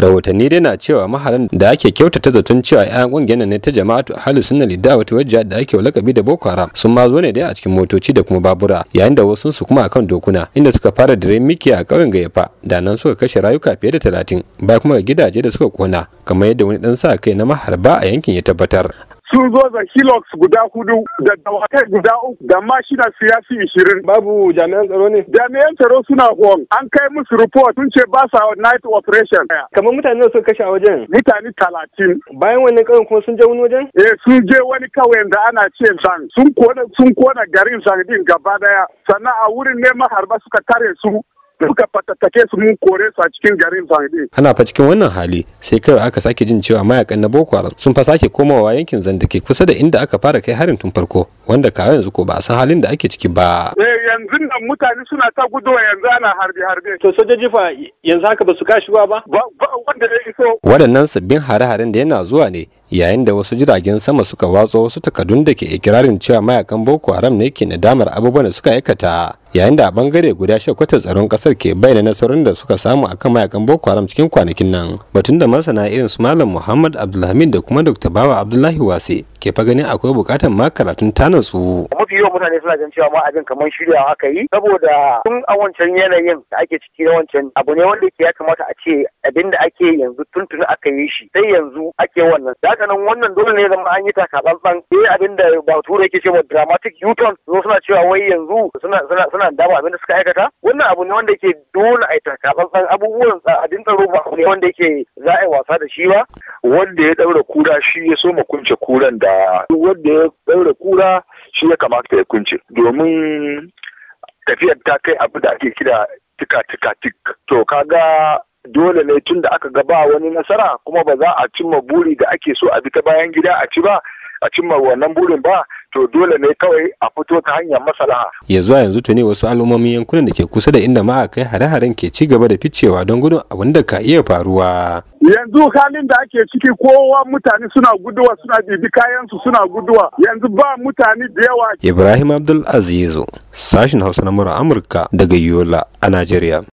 rahotanni dai na cewa maharan da ake kyautata zaton cewa 'ya'yan kungiyar ne ta jama'atu ahlus sunna wata wajja da ake lakabi da boko haram sun ma zo ne dai a cikin motoci da kuma babura yayin da wasu su kuma akan dokuna inda suka fara dare miki a ƙauyen gayafa da nan suka kashe rayuka fiye da talatin ba kuma ga gidaje da suka kona kamar yadda wani dan sa kai na maharba a yankin ya tabbatar sun zo da hilox guda hudu da dawakai guda uku da mashina siyasi ishirin. Babu jami'an tsaro ne? Jami'an tsaro suna hong. An kai musu report sun ce ba sa night operation. Kamar mutane sun kashe a wajen? Mutane talatin. Bayan wani kawai kuma sun je wani wajen? Eh sun je wani kawai da ana ce zan. Sun kona garin zan din gaba daya. Sannan a wurin ne maharba suka tare su suka fatattake su mun kore su a cikin garin Zande. Ana fa cikin wannan hali sai kawai aka sake jin cewa mayakan na Boko Haram sun fa sake komawa yankin ke kusa da inda aka fara kai harin tun farko wanda ka yanzu ko ba a san halin da ake ciki ba. Eh yanzu nan mutane suna ta gudowa yanzu ana harbi harbe. To sojoji fa yanzu haka ba su kashiwa ba? Ba wanda ya iso. Waɗannan sabbin hare-haren da yana zuwa ne yayin da wasu jiragen sama suka watso wasu takardun da ke ikirarin cewa mayakan Boko Haram ne ke nadamar abubuwan da suka aikata yayin da a bangare guda shakwata tsaron kasar ke bayyana nasarorin da suka samu a kan mayakan boko haram cikin kwanakin nan batun da masana irin su malam muhammad abdulhamid da kuma dr bawa abdullahi wase ke fa ganin akwai bukatar ma karatun ta natsu. mafi yawan mutane suna jin cewa ma abin kamar shiryawa aka yi saboda tun a wancan yanayin da ake ciki na wancan abu ne wanda ya kamata a ce abin da ake yanzu tuntuni aka yi shi sai yanzu ake wannan da haka nan wannan dole ne zama an yi tsantsan sai eh, abin da bature yake cewa dramatic u-turn zo suna cewa wai yanzu suna suna suna dama abin da suka aikata wannan abu ne wanda ke dole a yi tsantsan abubuwan abin tsaro ba ne wanda ke za a yi wasa da shi ba wanda ya daura kura shi ya so ma kunce kuran da da duk wanda ya ɗaure kura shi ya kamata ya kunce domin tafiyar ta kai abu da ake kira tika tika tik to kaga dole ne tun da aka gaba wani nasara kuma ba za a cimma buri da ake so a bi ta bayan gida a ci ba a cimma wannan burin ba to dole ne kawai a fito ta hanyar maslaha. Ya zuwa yanzu tuni wasu al'ummomin yankunan da ke kusa da inda ma kai hare-haren ke ci gaba da ficewa don gudun abin da ka iya faruwa. Yanzu halin da ake ciki kowa mutane suna guduwa suna bibi kayansu suna guduwa yanzu ba mutane da yawa. Ibrahim Abdul Azizu sashin Hausa na Amurka daga Yola a Najeriya.